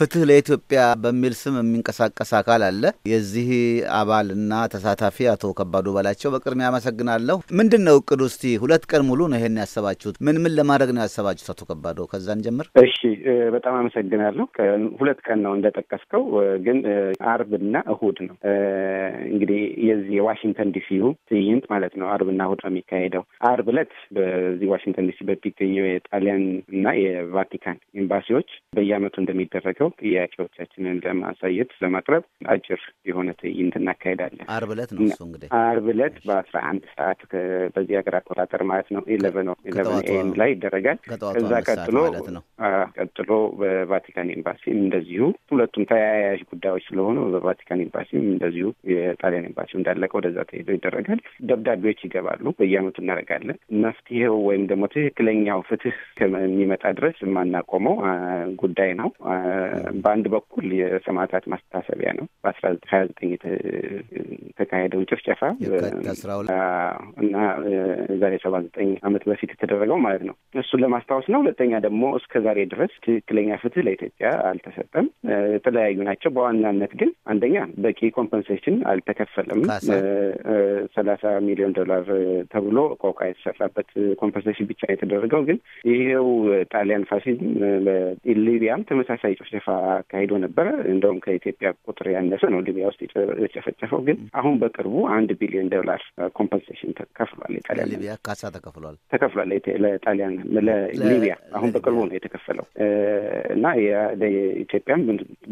ፍትህ ለኢትዮጵያ በሚል ስም የሚንቀሳቀስ አካል አለ። የዚህ አባል እና ተሳታፊ አቶ ከባዱ በላቸው በቅድሚያ አመሰግናለሁ። ምንድን ነው እቅዱ? እስቲ ሁለት ቀን ሙሉ ነው ይሄን ያሰባችሁት። ምን ምን ለማድረግ ነው ያሰባችሁት? አቶ ከባዶ ከዛን ጀምር። እሺ፣ በጣም አመሰግናለሁ። ሁለት ቀን ነው እንደጠቀስከው፣ ግን አርብና እሁድ ነው እንግዲህ የዚህ የዋሽንግተን ዲሲ ትዕይንት ማለት ነው። አርብና እሁድ ነው የሚካሄደው። አርብ ዕለት በዚህ ዋሽንግተን ዲሲ በሚገኘው የጣሊያን እና የቫቲካን ኤምባሲዎች በየአመቱ እንደሚደረገው ጥያቄዎቻችንን ለማሳየት ለማቅረብ አጭር የሆነ ትዕይንት እናካሄዳለን። አርብ ዕለት ነው እሱ እንግዲህ አርብ ዕለት በአስራ አንድ ሰዓት በዚህ ሀገር አቆጣጠር ማለት ነው ኢለቨን ኢለቨን ኤም ላይ ይደረጋል። ከዛ ቀጥሎ ቀጥሎ በቫቲካን ኤምባሲ እንደዚሁ ሁለቱም ተያያዥ ጉዳዮች ስለሆኑ በቫቲካን ኤምባሲ እንደዚሁ የጣሊያን ኤምባሲ እንዳለቀ ወደዛ ተሄዶ ይደረጋል። ደብዳቤዎች ይገባሉ። በየአመቱ እናደርጋለን። መፍትሄው ወይም ደግሞ ትክክለኛው ፍትህ ከሚመጣ ድረስ የማናቆመው ጉዳይ ነው። በአንድ በኩል የሰማዕታት ማስታሰቢያ ነው። በአስራ ሀያ ዘጠኝ የተካሄደው ጭፍጨፋ እና ዛሬ ሰባ ዘጠኝ ዓመት በፊት የተደረገው ማለት ነው። እሱን ለማስታወስ ነው። ሁለተኛ ደግሞ እስከ ዛሬ ድረስ ትክክለኛ ፍትህ ለኢትዮጵያ አልተሰጠም። የተለያዩ ናቸው። በዋናነት ግን አንደኛ በቂ ኮምፐንሴሽን አልተከፈለም። ሰላሳ ሚሊዮን ዶላር ተብሎ ቆቃ የተሰራበት ኮምፐንሴሽን ብቻ የተደረገው ግን ይሄው ጣሊያን ፋሲዝም ሊቢያም ተመሳሳይ ጭፍጨፋ ጭፍጨፋ አካሂዶ ነበረ። እንደውም ከኢትዮጵያ ቁጥር ያነሰ ነው ሊቢያ ውስጥ የጨፈጨፈው። ግን አሁን በቅርቡ አንድ ቢሊዮን ዶላር ኮምፐንሴሽን ተከፍሏል። ሊቢያ ካሳ ተከፍሏል ተከፍሏል ለጣሊያን ለሊቢያ አሁን በቅርቡ ነው የተከፈለው እና ኢትዮጵያም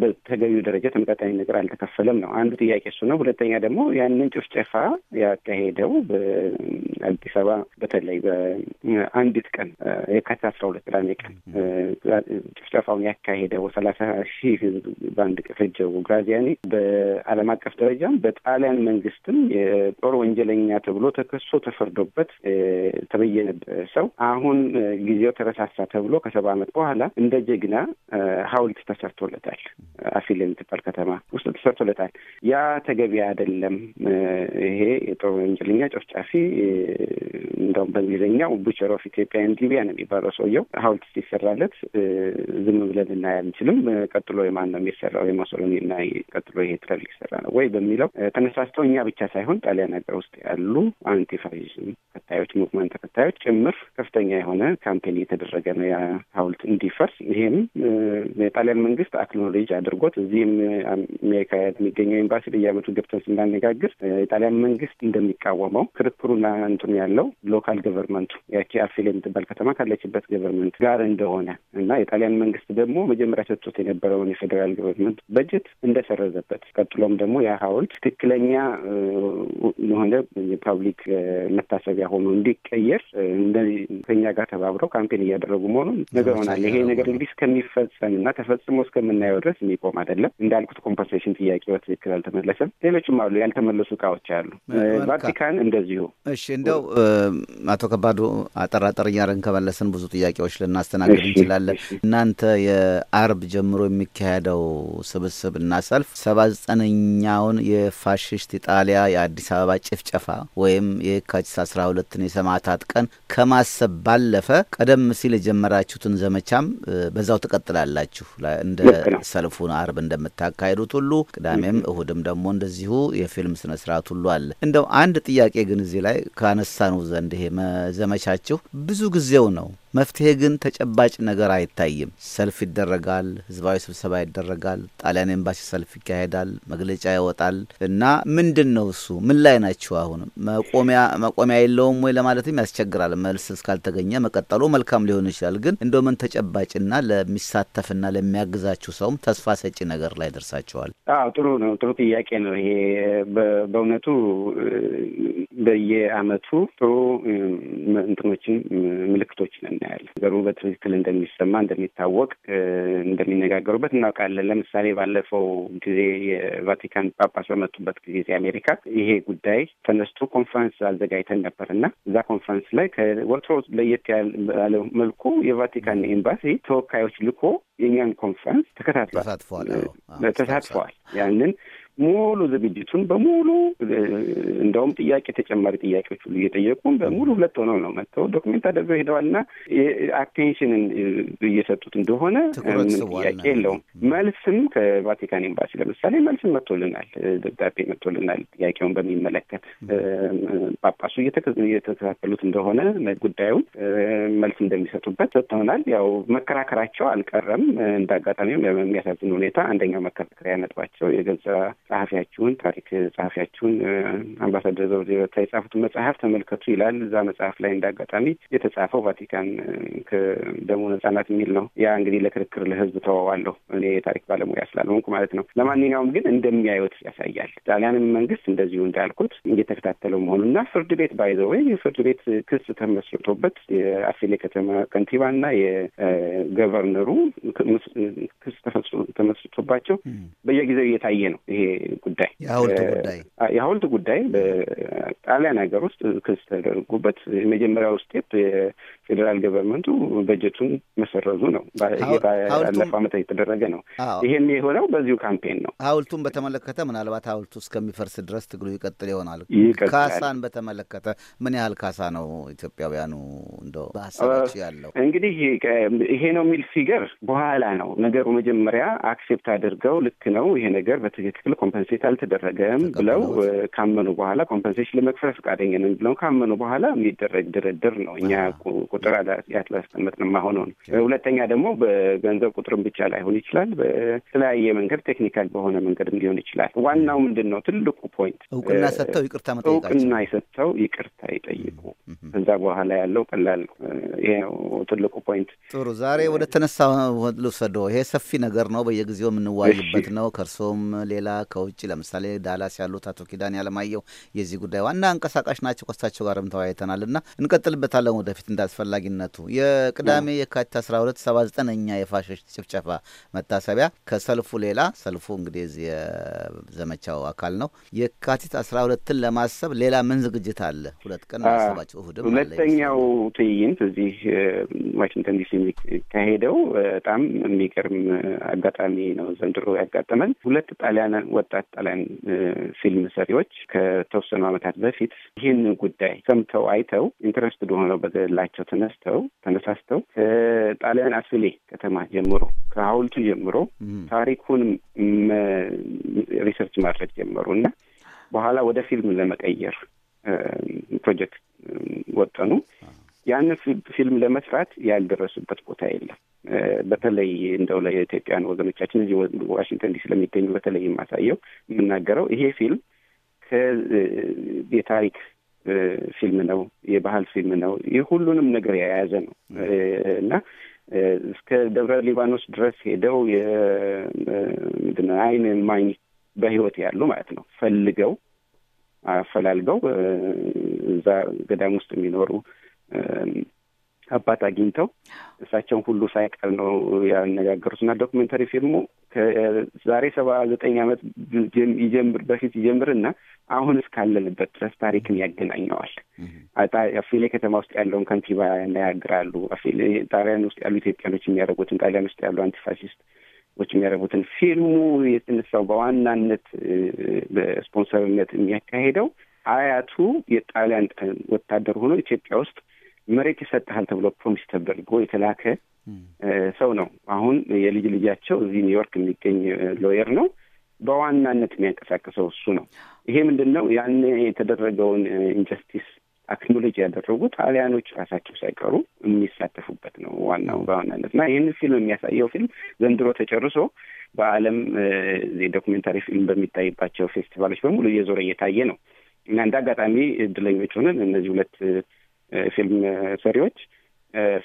በተገቢው ደረጃ ተመጣጣኝ ነገር አልተከፈለም ነው አንዱ ጥያቄ እሱ ነው። ሁለተኛ ደግሞ ያንን ጭፍጨፋ ያካሄደው በአዲስ አበባ በተለይ በአንዲት ቀን የካቲት አስራ ሁለት ቅዳሜ ቀን ጭፍጨፋውን ያካሄደው ሰላ ሰላሳ ሺህ ህዝብ በአንድ ፈጀው ግራዚያኒ በዓለም አቀፍ ደረጃም በጣሊያን መንግስትም የጦር ወንጀለኛ ተብሎ ተከሶ ተፈርዶበት ተበየነበት ሰው አሁን ጊዜው ተረሳሳ ተብሎ ከሰባ ዓመት በኋላ እንደ ጀግና ሐውልት ተሰርቶለታል። አፊል የምትባል ከተማ ውስጥ ተሰርቶለታል። ያ ተገቢ አይደለም። ይሄ የጦር ወንጀለኛ ጨፍጫፊ፣ እንደውም በእንግሊዝኛው ቡቸር ኦፍ ኢትዮጵያ ኤንድ ሊቢያ ነው የሚባለው ሰውየው ሐውልት ሲሰራለት ዝም ብለን ልናይ አንችልም። ወይም ቀጥሎ የማን ነው የሚሰራው የሙሶሎኒ እና ቀጥሎ የሂትለር ሊሰራ ነው ወይ በሚለው ተነሳስተው እኛ ብቻ ሳይሆን ጣሊያን ሀገር ውስጥ ያሉ አንቲፋሽን ተከታዮች ሙቭመንት ተከታዮች ጭምር ከፍተኛ የሆነ ካምፔን እየተደረገ ነው ያ ሀውልት እንዲፈርስ። ይሄም የጣሊያን መንግስት አክኖሎጅ አድርጎት እዚህም አሜሪካ የሚገኘው ኤምባሲ በየአመቱ ገብተን ስናነጋግር የጣሊያን መንግስት እንደሚቃወመው ክርክሩና እንትኑ ያለው ሎካል ገቨርንመንቱ ያቺ አርፌሌ የምትባል ከተማ ካለችበት ገቨርንመንት ጋር እንደሆነ እና የጣሊያን መንግስት ደግሞ መጀመሪያ ሰጥቶት የነበረውን የፌዴራል ገቨርንመንት በጀት እንደሰረዘበት፣ ቀጥሎም ደግሞ ያ ሀውልት ትክክለኛ የሆነ የፐብሊክ መታሰቢያ ሆኖ እንዲቀየር እንደዚህ ከኛ ጋር ተባብረው ካምፔን እያደረጉ መሆኑን ነገር ሆናል። ይሄ ነገር እንግዲህ እስከሚፈጸም እና ተፈጽሞ እስከምናየው ድረስ የሚቆም አይደለም። እንዳልኩት ኮምፐንሴሽን ጥያቄ በትክክል አልተመለሰም። ሌሎችም አሉ፣ ያልተመለሱ እቃዎች አሉ። ቫቲካን እንደዚሁ። እሺ፣ እንደው አቶ ከባዱ አጠራጠር እያደረግን ከመለስን ብዙ ጥያቄዎች ልናስተናግድ እንችላለን። እናንተ የአርብ ጀምሮ ጀምሮ የሚካሄደው ስብስብና ሰልፍ ሰባ ዘጠነኛውን የፋሽስት ኢጣሊያ የአዲስ አበባ ጭፍጨፋ ወይም የካቲት አስራ ሁለትን የሰማዕታት ቀን ከማሰብ ባለፈ ቀደም ሲል የጀመራችሁትን ዘመቻም በዛው ትቀጥላላችሁ። እንደ ሰልፉን አርብ እንደምታካሂዱት ሁሉ ቅዳሜም እሁድም ደግሞ እንደዚሁ የፊልም ስነ ስርዓት ሁሉ አለ። እንደው አንድ ጥያቄ ግን እዚህ ላይ ነው ዘንድ ይሄ ዘመቻችሁ ብዙ ጊዜው ነው መፍትሄ ግን ተጨባጭ ነገር አይታይም። ሰልፍ ይደረጋል፣ ህዝባዊ ስብሰባ ይደረጋል፣ ጣሊያን ኤምባሲ ሰልፍ ይካሄዳል፣ መግለጫ ይወጣል እና ምንድን ነው እሱ? ምን ላይ ናቸው አሁን መቆሚያ የለውም ወይ ለማለትም ያስቸግራል። መልስ እስካልተገኘ መቀጠሉ መልካም ሊሆን ይችላል። ግን ምን ተጨባጭና ለሚሳተፍና ለሚያግዛችሁ ሰውም ተስፋ ሰጪ ነገር ላይ ደርሳቸዋል አዎ ጥሩ ነው። ጥሩ ጥያቄ ነው ይሄ በእውነቱ በየአመቱ ጥሩ እንትኖችን ምልክቶችን እናያለን። ነገሩ በትክክል እንደሚሰማ እንደሚታወቅ፣ እንደሚነጋገሩበት እናውቃለን። ለምሳሌ ባለፈው ጊዜ የቫቲካን ጳጳስ በመጡበት ጊዜ አሜሪካ ይሄ ጉዳይ ተነስቶ ኮንፈረንስ አዘጋጅተን ነበር እና እዛ ኮንፈረንስ ላይ ከወትሮ ለየት ያለ መልኩ የቫቲካን ኤምባሲ ተወካዮች ልኮ የእኛን ኮንፈረንስ ተከታትሏል፣ ተሳትፈዋል። ያንን ሙሉ ዝግጅቱን በሙሉ እንደውም ጥያቄ ተጨማሪ ጥያቄዎች ሁሉ እየጠየቁን በሙሉ ሁለት ሆነው ነው መጥተው ዶክሜንት አድርገው ሄደዋልና አቴንሽንን እየሰጡት እንደሆነ ጥያቄ የለውም። መልስም ከቫቲካን ኤምባሲ ለምሳሌ መልስም መጥቶልናል፣ ደብዳቤ መጥቶልናል። ጥያቄውን በሚመለከት ጳጳሱ እየተከታተሉት እንደሆነ ጉዳዩን መልስ እንደሚሰጡበት ሰጥተውናል። ያው መከራከራቸው አልቀረም። እንደ አጋጣሚ የሚያሳዝን ሁኔታ አንደኛው መከራከሪያ ነጥባቸው የገዛ ጸሐፊያችሁን ታሪክ ጸሐፊያችሁን አምባሳደር ዘውዴ በታ የጻፉትን መጽሐፍ ተመልከቱ ይላል። እዛ መጽሐፍ ላይ እንዳጋጣሚ የተጻፈው ቫቲካን ከደሙን ሕጻናት የሚል ነው። ያ እንግዲህ ለክርክር ለህዝብ ተዋዋለሁ እኔ የታሪክ ባለሙያ ስላልሆንኩ ማለት ነው። ለማንኛውም ግን እንደሚያዩት ያሳያል። ጣሊያንም መንግስት እንደዚሁ እንዳልኩት እየተከታተለው መሆኑና ፍርድ ቤት ባይዘው ወይ የፍርድ ቤት ክስ ተመስርቶበት የአፌሌ ከተማ ከንቲባና የገቨርነሩ ክስ ተመስርቶባቸው በየጊዜው እየታየ ነው ይሄ ጉዳይ የሀውልት ጉዳይ በጣሊያን ሀገር ውስጥ ክስ ተደርጎበት የመጀመሪያው ስቴፕ ፌዴራል ገቨርንመንቱ በጀቱን መሰረዙ ነው። ባለፈው ዓመት የተደረገ ነው። ይሄም የሆነው በዚሁ ካምፔን ነው። ሀውልቱን በተመለከተ ምናልባት ሀውልቱ እስከሚፈርስ ድረስ ትግሉ ይቀጥል ይሆናል። ካሳን በተመለከተ ምን ያህል ካሳ ነው ኢትዮጵያውያኑ እንደ በሀሳባቸው ያለው? እንግዲህ ይሄ ነው የሚል ፊገር በኋላ ነው ነገሩ። መጀመሪያ አክሴፕት አድርገው ልክ ነው ይሄ ነገር በትክክል ኮምፐንሴት አልተደረገም ብለው ካመኑ በኋላ ኮምፐንሴሽን ለመክፈል ፈቃደኛ ነን ብለው ካመኑ በኋላ የሚደረግ ድርድር ነው እኛ ቁጥር ያስላስቀመጥንማ ማሆነው ነው። ሁለተኛ ደግሞ በገንዘብ ቁጥርም ብቻ ላይሆን ይችላል። በተለያየ መንገድ ቴክኒካል በሆነ መንገድም ሊሆን ይችላል። ዋናው ምንድን ነው? ትልቁ ፖይንት እውቅና ሰጥተው ይቅርታ መጠየቃቸው፣ እውቅና የሰጥተው ይቅርታ ይጠይቁ። ከዛ በኋላ ያለው ቀላል ይሄ ነው ትልቁ ፖይንት። ጥሩ። ዛሬ ወደ ተነሳ ልውሰዶ። ይሄ ሰፊ ነገር ነው፣ በየጊዜው የምንዋይበት ነው። ከእርሶም ሌላ ከውጭ ለምሳሌ ዳላስ ያሉት አቶ ኪዳን ያለማየው የዚህ ጉዳይ ዋና አንቀሳቃሽ ናቸው። ከሳቸው ጋርም ተወያይተናል እና እንቀጥልበታለን ወደፊት እንዳስፈላ አስፈላጊነቱ የቅዳሜ የካቲት 12 79ኛ የፋሾች ጭፍጨፋ መታሰቢያ ከሰልፉ ሌላ ሰልፉ እንግዲህ የዘመቻው አካል ነው። የካቲት 12ን ለማሰብ ሌላ ምን ዝግጅት አለ? ሁለት ቀን ማሰባቸው እሑድም ሁለተኛው ትዕይንት እዚህ ዋሽንግተን ዲሲ የሚካሄደው በጣም የሚገርም አጋጣሚ ነው ዘንድሮ ያጋጠመን። ሁለት ጣሊያን ወጣት ጣሊያን ፊልም ሰሪዎች ከተወሰኑ ዓመታት በፊት ይህን ጉዳይ ሰምተው አይተው ኢንትረስትድ ሆነው በገላቸው ተነስተው ተነሳስተው ከጣሊያን አስፌሌ ከተማ ጀምሮ ከሀውልቱ ጀምሮ ታሪኩን ሪሰርች ማድረግ ጀመሩ እና በኋላ ወደ ፊልም ለመቀየር ፕሮጀክት ወጠኑ። ያን ፊልም ለመስራት ያልደረሱበት ቦታ የለም። በተለይ እንደው ለኢትዮጵያን ወገኖቻችን እዚህ ዋሽንግተን ዲሲ ስለሚገኙ በተለይ የማሳየው የምናገረው ይሄ ፊልም የታሪክ ፊልም ነው፣ የባህል ፊልም ነው። ይህ ሁሉንም ነገር የያዘ ነው እና እስከ ደብረ ሊባኖስ ድረስ ሄደው ምንድን ነው አይን ማኝ በህይወት ያሉ ማለት ነው ፈልገው አፈላልገው እዛ ገዳም ውስጥ የሚኖሩ አባት አግኝተው እሳቸውን ሁሉ ሳይቀር ነው ያነጋገሩት እና ዶክመንተሪ ፊልሙ ከዛሬ ሰባ ዘጠኝ ዓመት ይጀምር በፊት ይጀምርና አሁን እስካለንበት ድረስ ታሪክን ያገናኘዋል። አፊሌ ከተማ ውስጥ ያለውን ከንቲባ ያነጋግራሉ። አፊሌ ጣሊያን ውስጥ ያሉ ኢትዮጵያኖች የሚያደርጉትን፣ ጣሊያን ውስጥ ያሉ አንቲፋሲስት ዎች የሚያደርጉትን ፊልሙ የተነሳው በዋናነት በስፖንሰርነት የሚያካሄደው አያቱ የጣሊያን ወታደር ሆኖ ኢትዮጵያ ውስጥ መሬት ይሰጥሃል ተብሎ ፕሮሚስ ተደርጎ የተላከ ሰው ነው። አሁን የልጅ ልጃቸው እዚህ ኒውዮርክ የሚገኝ ሎየር ነው። በዋናነት የሚያንቀሳቀሰው እሱ ነው። ይሄ ምንድን ነው ያን የተደረገውን ኢንጀስቲስ አክኖሎጂ ያደረጉት ጣሊያኖች ራሳቸው ሳይቀሩ የሚሳተፉበት ነው ዋናው በዋናነት እና ይህን ፊልም የሚያሳየው ፊልም ዘንድሮ ተጨርሶ በዓለም የዶኩሜንታሪ ፊልም በሚታይባቸው ፌስቲቫሎች በሙሉ እየዞረ እየታየ ነው እና እንደ አጋጣሚ እድለኞች ሆነን እነዚህ ሁለት ፊልም ሰሪዎች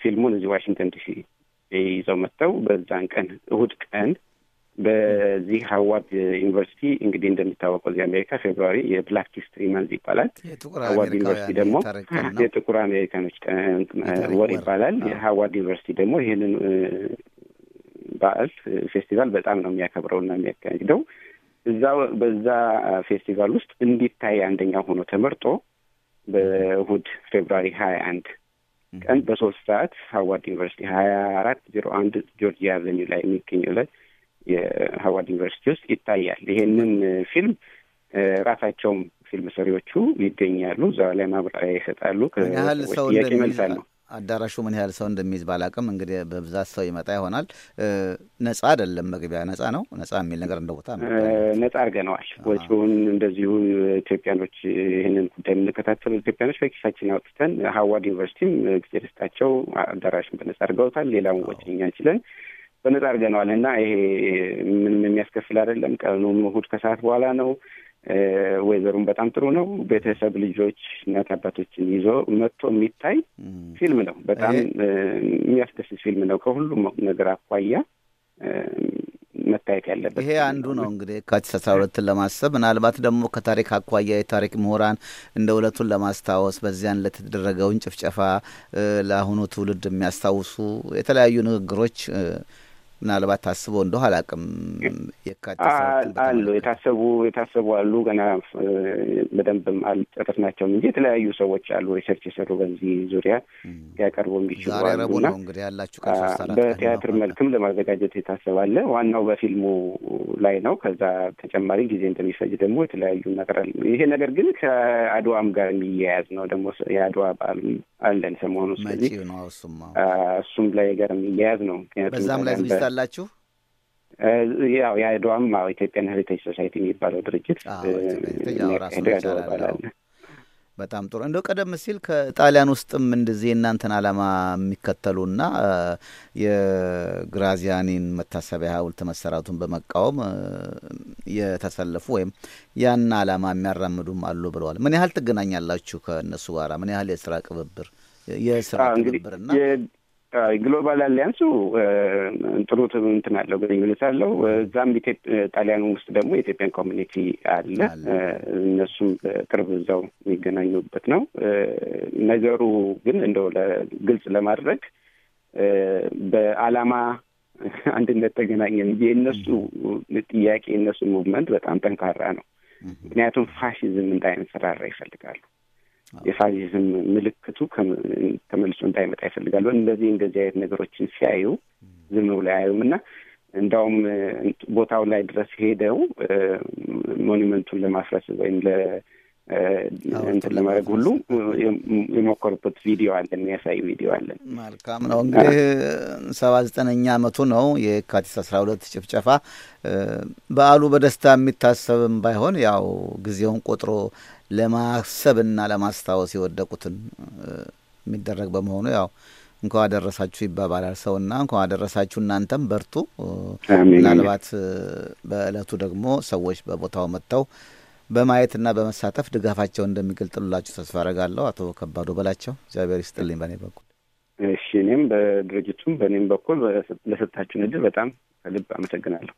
ፊልሙን እዚህ ዋሽንግተን ዲሲ ይዘው መጥተው በዛን ቀን እሁድ ቀን በዚህ ሀዋርድ ዩኒቨርሲቲ እንግዲህ እንደሚታወቀው እዚህ አሜሪካ ፌብሩዋሪ የብላክ ሂስትሪ መንዝ ይባላል። ሀዋርድ ዩኒቨርሲቲ ደግሞ የጥቁር አሜሪካኖች ወር ይባላል። የሀዋርድ ዩኒቨርሲቲ ደግሞ ይህንን በዓል ፌስቲቫል በጣም ነው የሚያከብረውና የሚያካሄደው። እዛ በዛ ፌስቲቫል ውስጥ እንዲታይ አንደኛ ሆኖ ተመርጦ በእሁድ ፌብራሪ ሀያ አንድ ቀን በሶስት ሰዓት ሀዋርድ ዩኒቨርሲቲ ሀያ አራት ዜሮ አንድ ጆርጂያ አቨኒው ላይ የሚገኘው ላይ የሀዋርድ ዩኒቨርሲቲ ውስጥ ይታያል። ይሄንን ፊልም ራሳቸውም ፊልም ሰሪዎቹ ይገኛሉ። እዛ ላይ ማብራሪያ ይሰጣሉ፣ ጥያቄ መልሳለሁ። አዳራሹ ምን ያህል ሰው እንደሚይዝ ባላቅም እንግዲህ በብዛት ሰው ይመጣ ይሆናል። ነጻ አይደለም፣ መግቢያ ነጻ ነው። ነጻ የሚል ነገር እንደ ቦታ ነጻ አድርገነዋል። ወጪውን እንደዚሁ ኢትዮጵያኖች ይህንን ጉዳይ የምንከታተሉ ኢትዮጵያኖች በኪሳችን አውጥተን ሀዋርድ ዩኒቨርሲቲም ጊዜ ደስታቸው አዳራሹን በነጻ አድርገውታል። ሌላውን ወጪ እኛ እንችለን በነጻ አድርገነዋል እና ይሄ ምንም የሚያስከፍል አይደለም። ቀኑ እሑድ ከሰዓት በኋላ ነው። ወይዘሩም በጣም ጥሩ ነው። ቤተሰብ ልጆች፣ እናት አባቶችን ይዞ መጥቶ የሚታይ ፊልም ነው። በጣም የሚያስደስት ፊልም ነው። ከሁሉም ነገር አኳያ መታየት ያለበት ይሄ አንዱ ነው። እንግዲህ የካቲት አስራ ሁለትን ለማሰብ ምናልባት ደግሞ ከታሪክ አኳያ የታሪክ ምሁራን እንደ ሁለቱን ለማስታወስ በዚያን ለተደረገውን ጭፍጨፋ ለአሁኑ ትውልድ የሚያስታውሱ የተለያዩ ንግግሮች ምናልባት ታስበው እንደሆነ አላውቅም። አሉ የታሰቡ የታሰቡ አሉ። ገና በደንብም አልጨረስናቸውም እንጂ የተለያዩ ሰዎች አሉ ሪሰርች የሰሩ በዚህ ዙሪያ ሊያቀርቡ የሚችሉ በቲያትር መልክም ለማዘጋጀት የታሰባለ። ዋናው በፊልሙ ላይ ነው። ከዛ ተጨማሪ ጊዜ እንደሚፈጅ ደግሞ የተለያዩ ነገር ይሄ ነገር ግን ከአድዋም ጋር የሚያያዝ ነው። ደግሞ የአድዋ በዓል አለን ሰሞኑ። ስለዚህ እሱም ላይ ጋር የሚያያዝ ነው ምክንያቱም በዛም ላይ አላችሁ? ያው የአድዋም ኢትዮጵያን ሄሪቴጅ ሶሳይቲ የሚባለው ድርጅት በጣም ጥሩ። እንደው ቀደም ሲል ከጣሊያን ውስጥም እንደዚህ የእናንተን ዓላማ የሚከተሉና የግራዚያኒን መታሰቢያ ሐውልት መሰራቱን በመቃወም የተሰለፉ ወይም ያን ዓላማ የሚያራምዱም አሉ ብለዋል። ምን ያህል ትገናኛላችሁ ከእነሱ ጋራ? ምን ያህል የስራ ቅብብር የስራ ቅብብርና ግሎባል አሊያንሱ ጥሩ እንትን አለው ግንኙነት አለው። እዛም ጣሊያን ውስጥ ደግሞ የኢትዮጵያን ኮሚኒቲ አለ። እነሱም ቅርብ እዛው የሚገናኙበት ነው። ነገሩ ግን እንደው ለግልጽ ለማድረግ በዓላማ አንድነት ተገናኘን እንጂ የእነሱ ጥያቄ የእነሱ ሙቭመንት በጣም ጠንካራ ነው። ምክንያቱም ፋሽዝም እንዳይንሰራራ ይፈልጋሉ። የፋሽዝም ምልክቱ ተመልሶ እንዳይመጣ ይፈልጋሉ። እንደዚህ እንደዚህ አይነት ነገሮችን ሲያዩ ዝም ብሎ አያዩም እና እንዳውም ቦታው ላይ ድረስ ሄደው ሞኒመንቱን ለማፍረስ ወይም እንትን ለማድረግ ሁሉ የሞከሩበት ቪዲዮ አለን፣ የሚያሳይ ቪዲዮ አለን። መልካም ነው እንግዲህ ሰባ ዘጠነኛ አመቱ ነው የካቲት አስራ ሁለት ጭፍጨፋ። በዓሉ በደስታ የሚታሰብም ባይሆን ያው ጊዜውን ቆጥሮ ለማሰብና ለማስታወስ የወደቁትን የሚደረግ በመሆኑ ያው እንኳ አደረሳችሁ ይባባላል ሰውና እንኳ አደረሳችሁ እናንተም በርቱ። ምናልባት በእለቱ ደግሞ ሰዎች በቦታው መጥተው በማየትና በመሳተፍ ድጋፋቸው እንደሚገልጥሉላችሁ ተስፋ አረጋለሁ። አቶ ከባዶ በላቸው እግዚአብሔር ይስጥልኝ በእኔ በኩል። እሺ እኔም በድርጅቱም በእኔም በኩል ለሰጣችሁን እድል በጣም ከልብ አመሰግናለሁ።